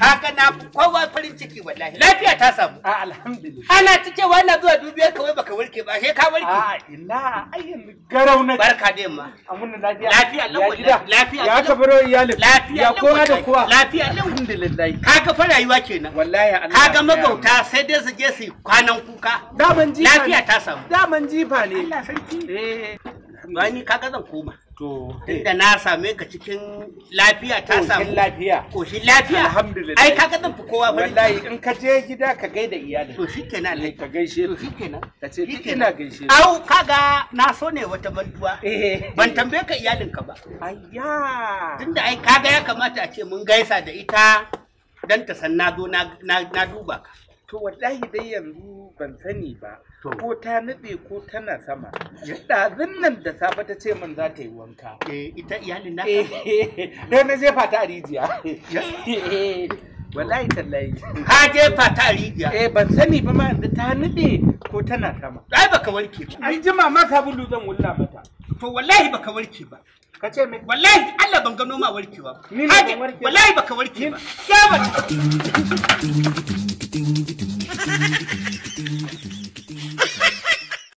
Haka na kowa farin ciki wallahi lafiya ta samu. A ah, alhamdulillah. Ana ta cewa na zuwa dubiyar kawai baka warke ba sai ka warke. A ah, ina ayyan garau na. Barka da yamma. Amun lafiya. Lafiya lau lafiya. Ya ka baro iyali. Lafiya ya kowa da kowa. Lafiya lau. Alhamdulillah. Ka ga fa rayuwa kenan. Wallahi Allah. Ka ga magauta sai dai su je su kwanan kuka. Daman jifa. Lafiya ta samu. Daman jifa ne. Allah sarki. Eh. ni kaga zan koma to inda eh. na same ka cikin lafiya ta samu koshin lafiya shi lafiya alhamdulillah ai kaga zan fi kowa bari wallahi in ka je gida ka gaida iyali to shikenan eh, Allah ka gaishe to shikenan ka ce duk ina gaishe au kaga na so ne wata mantuwa eh. ban tambaye ka iyalin ka ba ayya tunda ai kaga ya kamata a ce mun gaisa da ita dan ta san na zo na duba ka to wallahi dai yanzu ban sani ba ko ta nube ko tana sama ɗazun nan da safe ta ce min za ta yi wanka eh ita iyalin na eh na jefa ta a rijiya wallahi tallahi Ha jefa ta a rijiya eh ban sani ba ma yanzu ta nube ko tana sama ai baka warke ba ai jima ma sabulu zan wulla mata to wallahi baka warke ba ka ce mai wallahi Allah ban gano ma warkewa ba ni ne ban warke wallahi baka warke ba ya ba